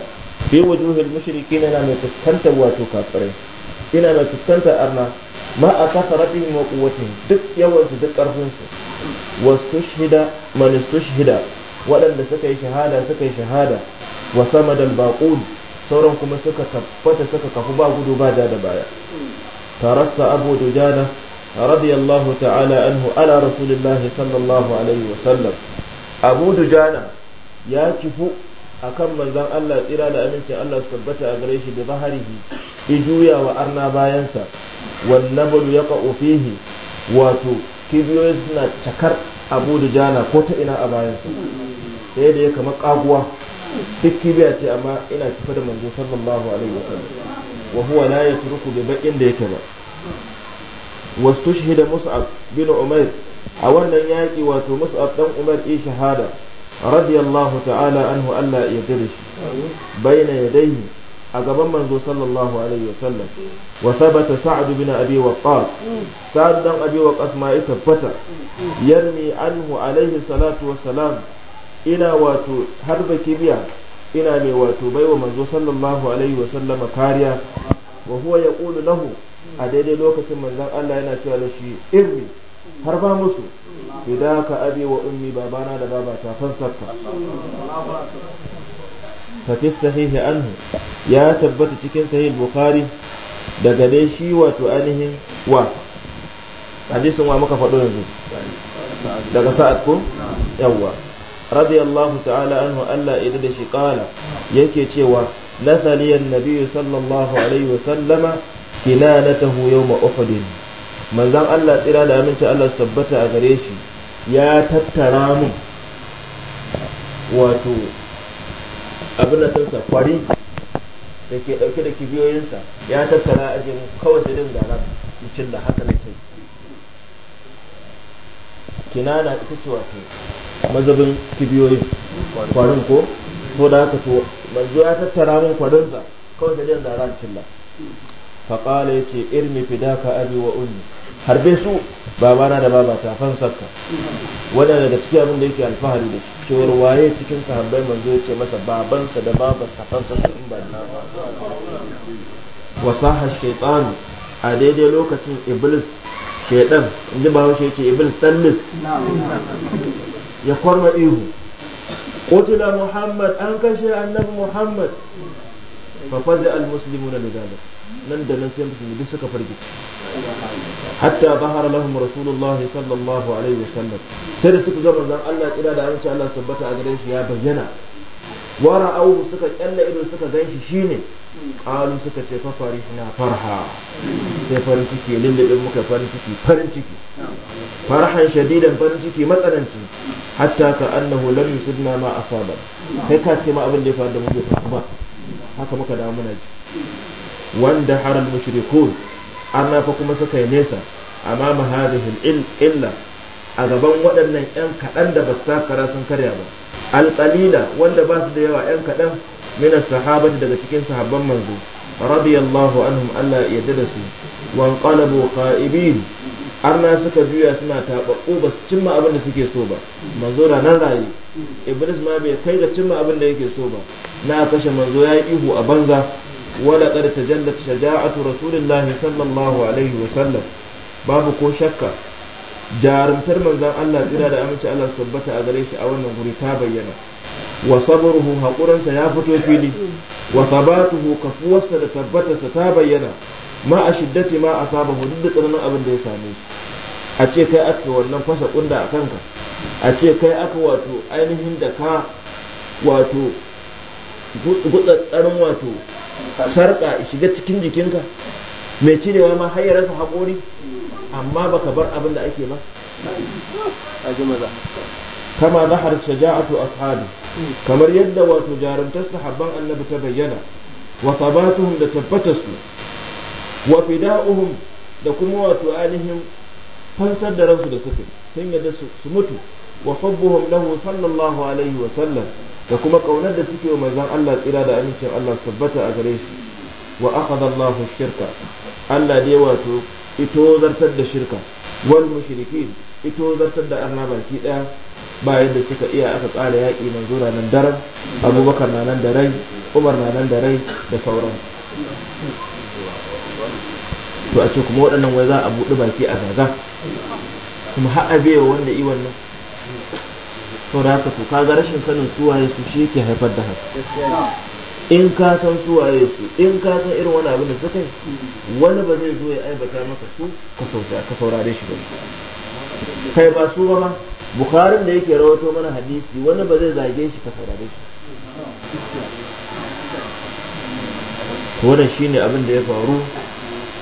fi wujuhil mushriki na mai fuskantar wato kafirai ina mai fuskantar arna ma a kafaratihim wa quwwatihim duk yawansu duk ƙarfinsu wastushhida man istushhida waɗanda suka yi shahada suka yi shahada wa sama da sauran kuma suka tabbata suka kafu ba gudu ba da baya tarassa abu dujana radiyallahu ta'ala تعالى عنه على رسول الله صلى الله عليه وسلم ya دجانة akan manzon Allah tsira da amincin Allah su tabbata a gare shi bi zaharihi juya wa arna bayansa wan nabul yaqa'u fihi wato kibiyoyi suna cakar abu da jana ko ta ina a bayansa sai da ya kama kaguwa duk kibiya ce amma ina kifa da manzo sallallahu alaihi wasallam wa huwa la yatruku bi baqin da yake ba wasu shahida mus'ab bin umar a wannan yaƙi wato mus'ab dan umar yi shahada radiyallahu ta'ala anhu Allah ya dare shi baina yadayhi a gaban manzo sallallahu alaihi wasallam wa thabata sa'd bin abi waqqas sa'd dan abi waqqas ma ya tabbata yarmi anhu alaihi salatu wassalam ina wato harba kibiya ina mai wato baiwa manzo sallallahu alaihi wasallama kariya wa ya yaqulu lahu a daidai lokacin manzon Allah yana cewa da shi irmi har ba musu fidaka abi wa ummi babana da babata fansarka fa fi sahihi anhu ya tabbata cikin sahih bukhari daga dai shi wato ainihin wa hadisin wa muka faɗo yanzu daga sa'ad ko yawwa radiyallahu ta'ala anhu Allah ya da shi kala yake cewa lathaliyan nabiyyu sallallahu alaihi wa sallama kinanatahu yawma uhud manzan Allah tsira da aminci Allah su tabbata a gare shi ya tattara mun wato abin da sa kwari da ke dauke da kibiyoyinsa ya tattara a jin kawai sai din gara cin da haka na ta kinana ita ce wato mazabin kibiyoyin kwarin ko ko da haka to manzo ya tattara mun kwarinsa kawai sai din gara cin da faƙala ya ce irmi ka abi wa ummi harbe su babana da babata fansarka wanda daga cikin abin da yake alfahari da shi cewar waye cikin sahabbai manzo ya ce masa babansa da babarsa su in ba na wasaha shaitan a daidai lokacin iblis shaitan in ji ba shi ce iblis tallis ya kwarma ihu qutila muhammad an kashe annabi muhammad fa faza al na lidalik nan da nan sai musulmi duk suka farge hatta bahara lahum rasulullahi sallallahu alaihi wasallam sai da suka zama zan Allah kira da amince Allah su tabbata a gare shi ya bayyana wara au suka kyalla ido suka ganshi shine qalu suka ce fa farihna farha sai farin ciki muka farin ciki farin ciki farhan shadidan farin ciki matsananci hatta ka annahu lam yusibna ma asaba kai ka ce ma abin da ya faru da mu faru ba haka muka dawo muna ji wanda haral mushrikun amma fa kuma suka yi nesa amma mahadihin illa a gaban waɗannan 'yan kaɗan da ba su takara sun karya ba alƙalila wanda ba su da yawa 'yan kaɗan minas sahabati daga cikin sahabban manzo radiyallahu anhum Allah ya da su wan qalabu qa'ibin arna suka juya suna taɓaɓɓu ba su cimma abin da suke so ba manzo ranar raye iblis ma bai kai ga cimma abin da yake so ba na kashe manzo ya yi ihu a banza ولقد ta شجاعة رسول الله sallallahu alaihi wa sallam babu ko shakka jarumtar manzan Allah tsira da aminci Allah su tabbata a gare shi a wannan guri ta bayyana wa sabruhu haƙurinsa ya fito fili wa sabatuhu kafuwarsa da tabbatarsa ta bayyana ma a shiddati ma a saba duk tsananin abin da ya same shi a ce kai aka wannan fasa kunda a kanka a ce kai aka wato ainihin da ka wato gutsattsarin wato sarƙa shiga cikin jikinka mai cirewa ma har rasa haƙori amma baka bar abin da ake ba kama zahar shaja'atu ashabi kamar yadda wato jarumtar sahabban annabi ta bayyana wa tabatuhum da tabbatar su wa fida'uhum da kuma wato ainihin fansar da ransu da suka sun yadda su mutu wa hubbuhum lahu da kuma kaunar da suke wa manzon Allah tsira da amincin Allah su tabbata a gare shi wa akhadha Allahu shirka Allah dai wato ito zartar da shirka wal mushrikin ito zartar da arna baki daya ba yadda suka iya aka tsara yaƙi manzo na nan daren abubakar na nan da rai umar na nan da rai da sauran to a ce kuma waɗannan wai za a buɗe baki a zaga kuma haɗa bewa wanda i sau da haka to kaga rashin sanin suwaye su shi ke haifar da haka in ka san suwaye su in ka san irin wani abin da suka wani ba zai zo ya aibata maka su ka saurare shi ba kai ba su ba bukharin da yake rawato mana hadisi wani ba zai zage shi ka saurare shi wannan shine abin da ya faru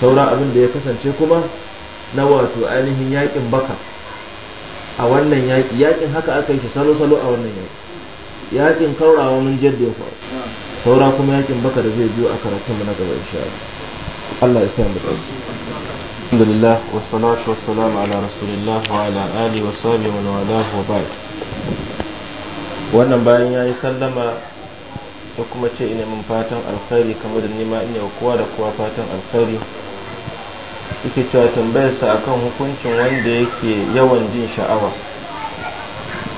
sauran abin da ya kasance kuma na wato ainihin yakin baka a wannan yaƙi yaƙin haka aka yi shi salo-salo a wannan yaƙi yaƙin kaurawa mun jadda ya faru saura kuma yaƙin baka da zai biyo a karatunmu na gaba insha Allah ya sayan da alhamdulillah wa salatu wa salamu ala rasulillah wa ala ali wa sahbihi wa wala wa ba'd wannan bayan yayi sallama ya kuma ce ina min fatan alkhairi kamar da nima ina kowa da kowa fatan alkhairi yake cewa sa akan hukuncin wanda yake yawan jin sha'awa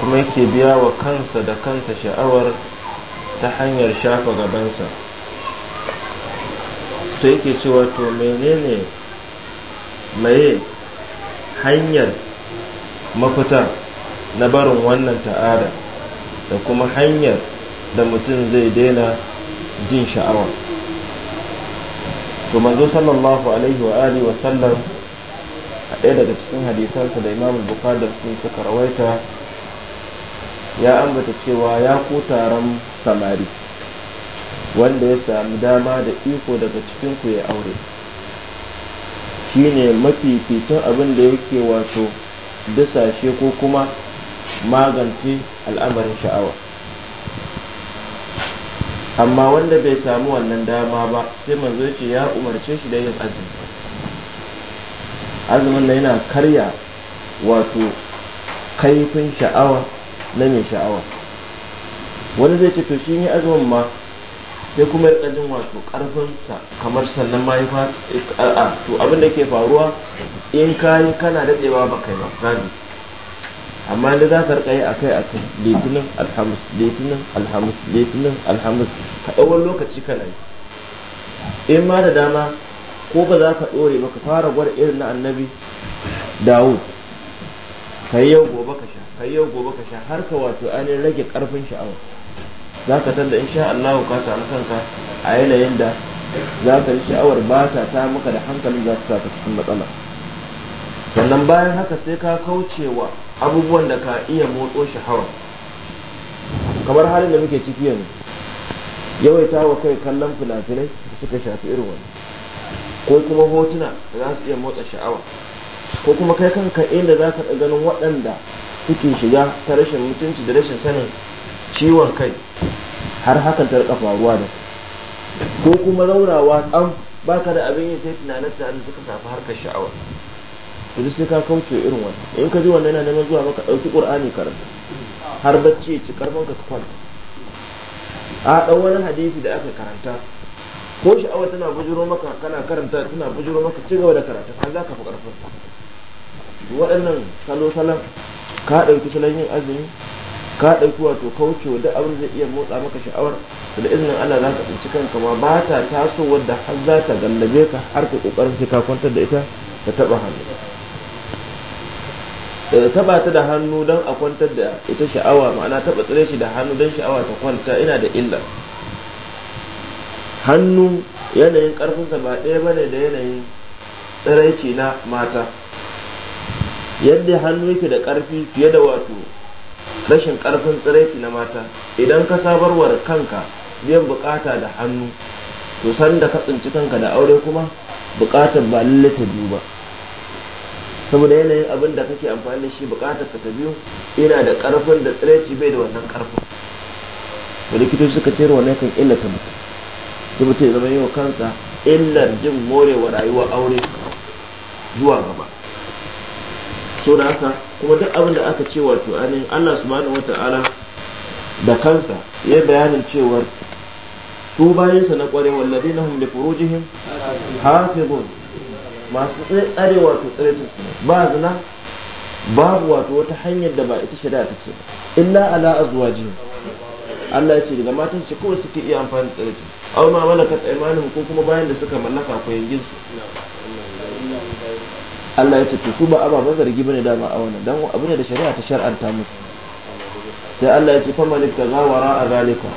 kuma yake biya wa kansa da kansa sha'awar ta hanyar shafa gabansa to yake cewa to menene maye hanyar mafita na barin wannan ta'ada da kuma hanyar da mutum zai daina jin sha'awa to manzo sallallahu alaihi wa alihi wa sallam a ɗaya daga cikin hadisansa da imam bukhari da muslim suka rawaita ya ambata cewa ya ku taron samari wanda ya sami dama da iko daga cikin ku ya aure shine mafificin abin da yake wato dasashe ko kuma magance al'amarin sha'awa amma wanda bai samu wannan dama ba sai manzo ce ya umarce shi da yin azumi azumin na yana karya wato kaifin sha'awa na mai sha'awa wani zai ce to shi ne azumin ma sai kuma ya jin wato karfinsa kamar sannan ma a to abin da ke faruwa in kayi kana daɗewa ba kai ba amma da za ka rika yi a akai litinin alhamis litinin alhamis litinin alhamis ka ɗauwan lokaci kana yi in ma da dama ko ba za ka ɗore ba fara gwada irin na annabi dawo ka yi yau gobe ka sha ka yi yau gobe ka sha har ka wato ainihin rage ƙarfin sha'awa za ka tanda in sha Allah ka samu kanka a yanayin da za ka yi sha'awar ba ta ta maka da hankalin za ta sa ka cikin matsala sannan bayan haka sai ka kaucewa abubuwan da ka iya motso shi kamar halin da muke ciki yanzu yawaita wa kai kallon fina-finai da suka shafi irin wani ko kuma hotuna da za su iya motsa sha'awa ko kuma kai kanka inda za ka ganin waɗanda suke shiga ta rashin mutunci da rashin sanin ciwon kai har hakan ta rika faruwa da ko kuma zaurawa ɗan baka da abin yi sai tunanin tunanin suka safi harkar sha'awa yanzu sai ka kauce irin wannan in ka ji wannan yana neman zuwa maka ɗauki ƙur'ani karanta har bacci ci karfin ka kwanta a ɗan wani hadisi da aka karanta ko sha'awa tana bujiro maka kana karanta tana bujiro maka ci gaba da karatu har za ka fi ƙarfin waɗannan salo-salon ka ɗauki salon yin azumi ka ɗauki wato kauce da abin zai iya motsa maka sha'awar da izinin Allah za ka tsinci kanka ma ba ta taso wadda har za ta gallabe ka har ka ƙoƙarin sai ka kwantar da ita ka taɓa hannu taba ta da hannu don a kwantar da ita sha'awa ma'ana taba tsire shi da hannu don sha'awa ta kwanta ina da illa hannu yanayin karfinsa ba ɗaya ba ne da yanayin tsiraici na mata yadda hannu yake da karfi fiye da wato rashin karfin tsiraici na mata idan ka sabarwar kanka biyan bukata da hannu to sanda ka tsinci kanka da aure kuma bukatar ba lalle ta duba saboda yanayin abin da kake amfani da shi bukatar ka ta biyu ina da karfin da tsiraici bai da wannan karfin da likitoci suka tayar wannan kan ta mutum sai mutum ya zama yi wa kansa illar jin morewa rayuwar aure zuwa gaba so da haka kuma duk abin da aka ce wato ainihin allah subhanahu wa ta'ala da kansa ya bayanin cewar su bayansa na kwarewar ladina na li furujihim hafizun masu tsare wato tsare su ba zina babu wato wata hanyar da ba ita shari'a ta ce illa ala azwaji Allah ya ce daga matan shi kawai suke iya amfani da tsare su aw ma malakat aymanuhum ko kuma bayan da suka mallaka ko yangin su Allah ya ce to su ba ababen zargi bane dama a wannan dan abu ne da shari'a ta shar'anta musu sai Allah ya ce fa malik ta zawara a zalika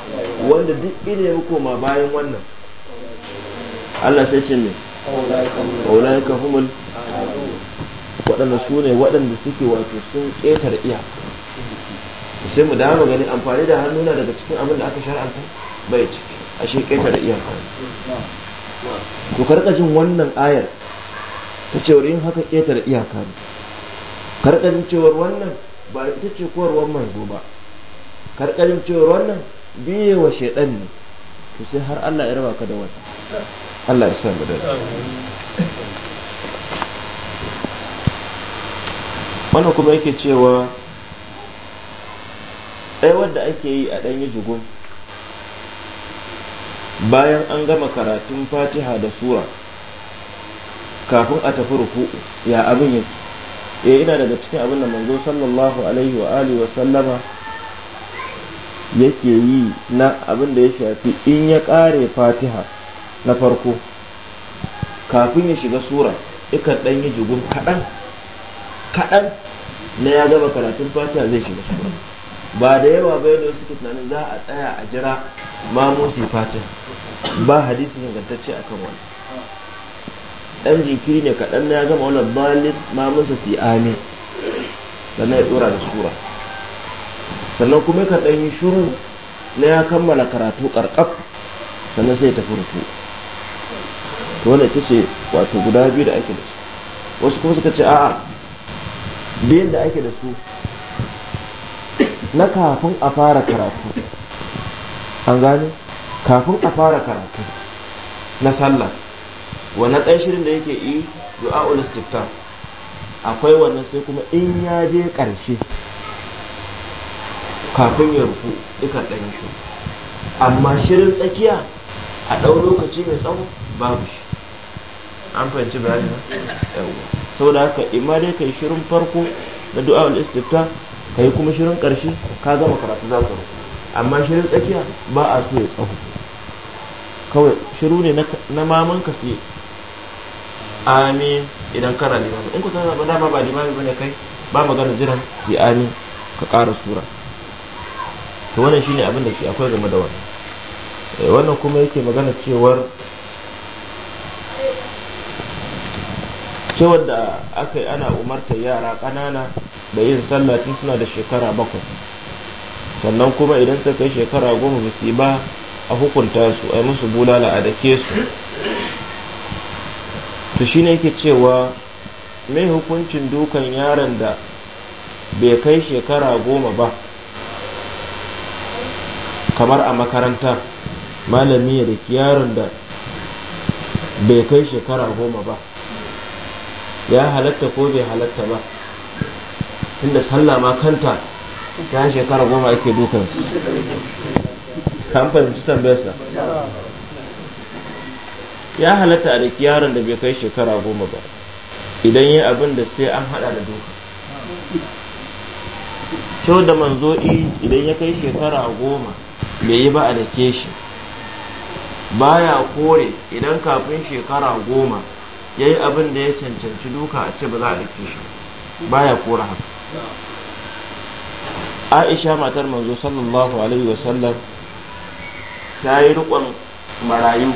wanda duk ine ya koma bayan wannan Allah sai ce ne أولئك waɗanda su ne waɗanda suke wato sun ƙetare iya sai mu dama gani amfani da hannu na daga cikin abin da aka shar'anta bai ciki ashe ƙetare iya to karka jin wannan ayar ta ce yin haka ƙetare iyaka ne karka jin cewar wannan ba ita ce kowarwar manzo ba karka jin cewar wannan biye wa shaidan ne to sai har Allah ya raba ka da wata. Allah ya samu da wannan kuma yake cewa tsayawar da ake yi a ɗanyi jugun bayan an gama karatun fatiha da sura kafin a tafi ruku'u ya abin yi. eh ina daga cikin abin da manzo sallallahu alaihi wa alihi wa sallama yake yi na abin da ya shafi in ya ƙare fatiha na farko kafin ya shiga sura ikan dan yi jigun kaɗan kaɗan na ya gaba karatun fatiha zai shiga sura ba da yawa ba yadda suke tunanin za a tsaya a jira ma musu fatiha ba hadisi ingantacce kan wani ɗan jinkiri ne kaɗan na ya gama wannan balin musu su yi ame sannan ya tsora da sura sannan kuma ka ɗan yi shuru na ya kammala karatu ƙarƙar sannan sai ya tafi rufu to wannan ita ce wato guda biyu da ake da su wasu kuma suka ce a'a biyun da ake da su na kafin a fara karatu an gane kafin a fara karatu na sallah wannan ɗan shirin da yake yi du'a'ul istifta akwai wannan sai kuma in ya je ƙarshe kafin ya rufu duka ɗan shi amma shirin tsakiya a ɗau lokaci mai tsawo babu shi an fahimci bayani na sau da haka ima dai kai shirin farko na du'a wal istifta yi kuma shirin karshe ka gama karatu za ka amma shirin tsakiya ba a so ya tsaho kawai shiru ne na maman ka sai amin idan kana limami in ku san ba dama ba limami bane kai ba magana jiran sai amin ka ƙara sura to wannan shine abin da ke akwai game da wannan eh, wannan kuma yake magana cewar ce wadda aka yi ana umartar yara ƙanana da yin sallah suna da shekara bakwai sannan kuma idan suka kai shekara goma ba su ba a hukunta su a yi musu bulala a dake su to ne yake cewa mai hukuncin dukan yaran da bai kai shekara goma ba kamar a makaranta malami ya da yaron da bai kai shekara goma ba ya halatta ko bai halatta ba tunda sallah ma kanta ta shekara goma ake dukansu kamfan fahimci tambayarsa ya halatta a daki yaron da bai kai shekara goma ba idan yi abin da sai an hada da doka kyau da manzo idan ya kai shekara goma bai yi ba a dake shi baya kore idan kafin shekara goma ya yi abin da ya cancanci duka a ce ba za a dake shi baya kora haka aisha matar manzo sallallahu alaihi wasallam ta yi rikon marayu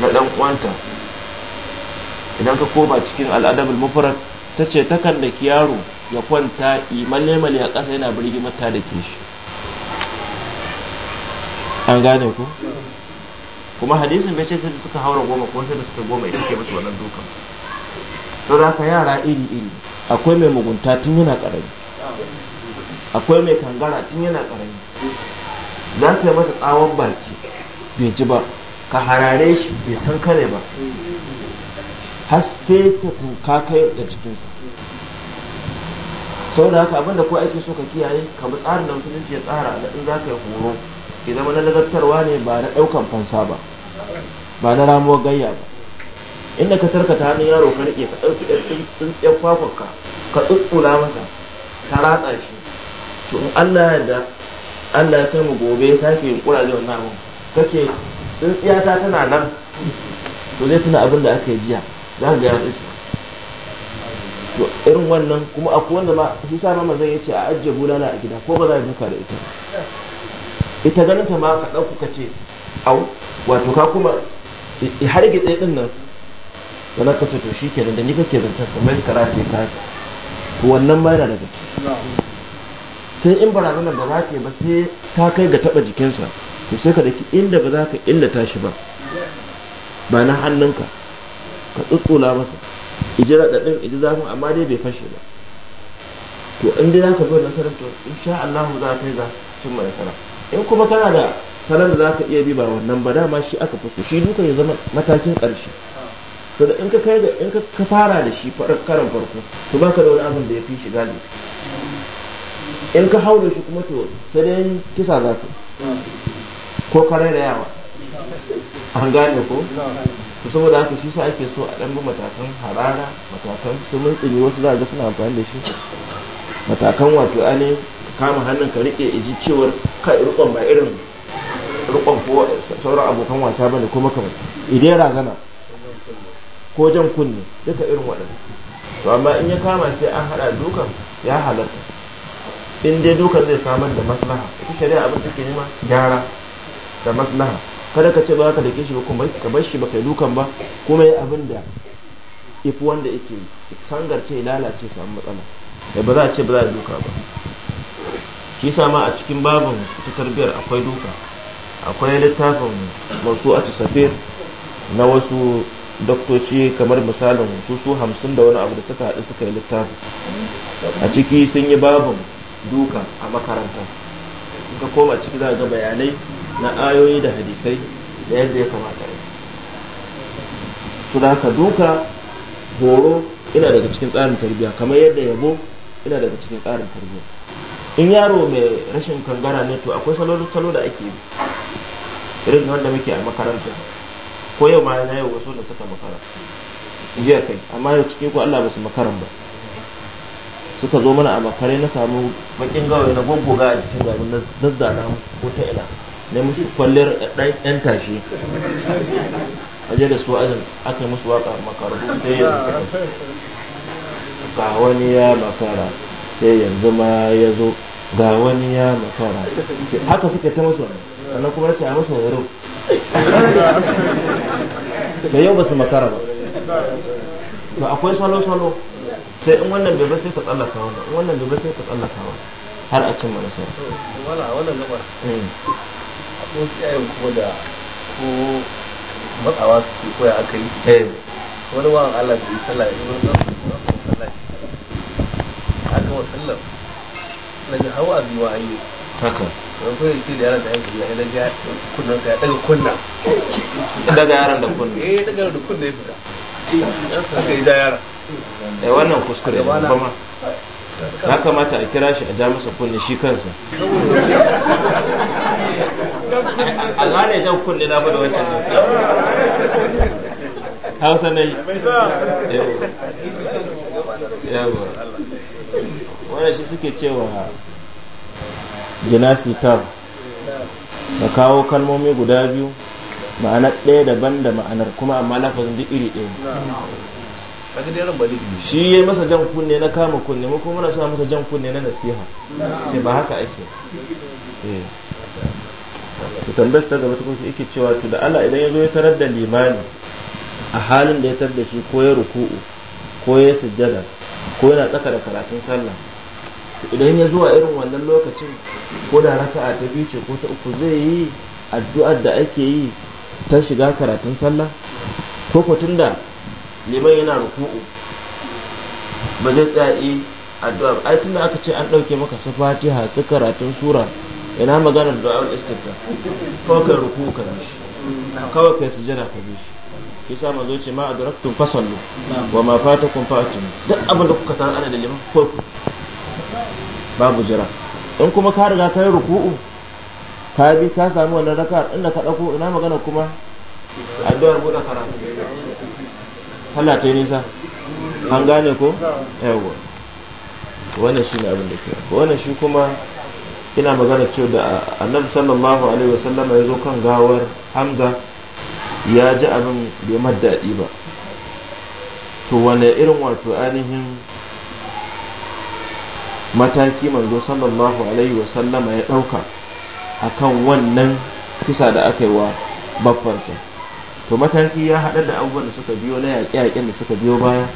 na dan uwanta idan ka koma cikin al'adabul mufrad ta ce takan da yaro ya kwanta imalle male a ƙasa yana birgi mata da ke shi an gane ku kuma hadisin bai ce sai da suka haura goma ko sai da suka goma ita ke musu wannan dukan sau da yara iri iri akwai mai mugunta tun yana karami akwai mai kangara tun yana karami za ka yi masa tsawon baki bai ji ba ka harare shi bai san kare ba har sai ta kuka kai da jikinsa sau da haka abinda ko ake so ka kiyaye ka bi tsarin da musulunci ya tsara a in za ka yi horo ke zama na nazartarwa ne ba na ɗaukan fansa ba ba na ramuwar gayya ba inda ka tarkata hannun yaro ka rike ka ɗauki ɗan tsintsiyar kwakwar ka tsuntsula masa ka ratsa shi to in Allah ya da Allah ya kai mu gobe ya sake yin zai wannan abin kace ta tana nan to zai tuna abin da aka yi jiya za ka ga ya to irin wannan kuma akwai wanda ma shi sa ma zai yace a ajiye bulala a gida ko ba za a duka da ita ita ganin ta ma ka ɗauku ka ce au wato ka kuma har gitse ɗin nan sana ka ce to shi ke da ni kake zanta kamar kara ce ka wannan ma yana daga sai in nan ba za ta ba sai ta kai ga taɓa jikinsa to sai ka daki inda ba za ka illata shi ba ba na hannunka ka tsutsula masa iji raɗaɗin iji zafin amma dai bai fashe ba to in dai za ka bi nasarar to insha Allah za ta yi za cimma nasara in kuma kana da salar da za ka iya bi ba wannan ba dama shi aka fito shi duka ya zama matakin ƙarshe to da in ka fara da shi karan farko to baka da wani abin da ya fi shiga ne in ka haure shi kuma to sai dai kisa za ka ko kare da yawa an gane ko to saboda haka shi sa ake so a ɗan bi matakan harara matakan su wasu za ga suna amfani da shi matakan wato ainihin kama hannun ka rike iji cewar kai rukon ba irin rukon ko sauran abokan wasa ba ne ko kamar idan razana ko jan kunne duka irin waɗanda to amma in ya kama sai an haɗa dukan ya halarta in dai dukan zai samar da maslaha ita shari'a abin take nema gyara da maslaha kada ka ce ba ka dake shi ba kuma ka bar shi ba kai dukan ba kuma yi abin da wanda yake sangar ya lalace samu matsala ba za a ce ba za a duka ba shi sama a cikin babin ta tarbiyar akwai duka akwai littafin masu a na wasu doktoci kamar misalin su su hamsin da wani abu da suka haɗu suka yi littafi a ciki sun yi babin duka a makaranta ka koma ciki za ga bayanai na ayoyi da hadisai da yadda ya kamata yi su ka duka horo ina daga cikin tsarin tarbiyya kamar yadda yabo ina daga cikin tsarin tarbiyya in yaro mai rashin kangara ne to akwai salo da ake yi. irin wanda muke a makaranta ko yau ma na yau wasu da suka makara jiya kai amma yau cike ku Allah ba su makaran ba suka zo mana a makare na samu bakin gawayi na goggoga a jikin gari na zazzana ko ta ina na musu kwalliyar ɗan tashi aje da su ajin aka yi musu waka makara sai yanzu suka Ka wani ya makara sai yanzu ma ya zo ga wani ya makara haka suke ta musu sannan kuma nace a musu yaro da yau ba su makara ba to akwai salo salo sai in wannan bai ba sai ka tsallaka wannan in wannan bai ba sai ka tsallaka wannan har a cin mana sai wala wannan gabar eh. akwai iyayen kuma da ko matsawa su koya aka yi eh. wani wa Allah bai sallah ya wani sallah shi aka wa sallah daga hawa abu wayo haka don kawai sai da yaran da yanzu ya daga kunnan sa ya daga kunna daga yaran da kunna eh daga yaran da kunna ya fita haka ya ja yaran eh wannan kuskure ne kuma ya kamata a kira shi a ja masa kunni shi kansa a ya jan kunni na bada wancan hausa na yi yawa wanda shi suke cewa sitar da kawo kalmomi guda biyu ma'anar ɗaya daban da ma'anar kuma amma lafazin duk iri ɗaya shi ya masa jan kunne na kama kunne mu kuma suna masa jan kunne na nasiha sai ba haka ake eh. to tambayar ta gaba tukun ike cewa tu da Allah idan ya zo ya tarar da limani a halin da ya tarar da shi ko ya ruku'u ko ya sujjada ko yana tsaka da karatun sallah idan ya zuwa irin wannan lokacin ko da raka'a ta biyu ce ko ta uku zai yi addu'ar da ake yi ta shiga karatun sallah ko ko tunda liman yana ruku'u ba zai tsaya yi addu'a ba ai tunda aka ce an ɗauke maka su fatiha su karatun sura ina magana da du'a istifta kawai kai ruku'u ka shi kawai kai sujada ka bi shi yasa manzo ce ma adraktum fasallu wa ma fatakum fa'tum duk abin da kuka san ana da liman ko babu jira in kuma ka riga ka yi ruku'u ka bi ka samu wannan raka inda ka ɗauko ina magana kuma addu'ar buɗe karatu Allah ta yi nisa an gane ko yawa wannan shi ne abin da ke wannan shi kuma ina magana cewa da annabi sallallahu alaihi wasallam ya zo kan gawar hamza ya ji abin bai maddaɗi ba to wane irin wato ainihin mataki manzo sallallahu alaihi wasallama ya ɗauka a kan wannan kisa da aka yi wa baffansa to mataki ya haɗa da abubuwan da suka biyo na yaƙe-yaƙen da suka biyo baya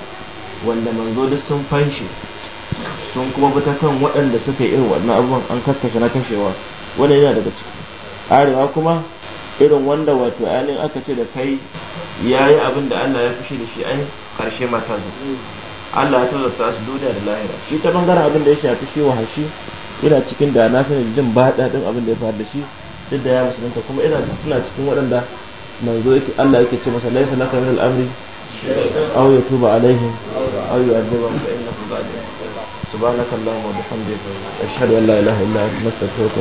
wanda manzo duk sun fanshi sun kuma bi kan waɗanda suka yi irin wannan abubuwan an kakkashe na kashewa wanda yana daga ciki arewa kuma irin wanda wato ainihin aka ce da kai ya yi abin da allah ya fushi da shi ai karshe matan Allah ya tazarta su duniya da lahira shi ta bangaren abin da ya shafi shi wa wahashi yana cikin da na sanin jin ba daɗin abin da ya faru da shi duk da ya musulunta kuma ina suna cikin waɗanda manzo yake Allah yake ce masa laisa laka min al-amri aw yatuba alaihim aw yu'adhibahum fa innahu zalim subhanakallahumma wa bihamdika ashhadu an la ilaha illa anta astaghfiruka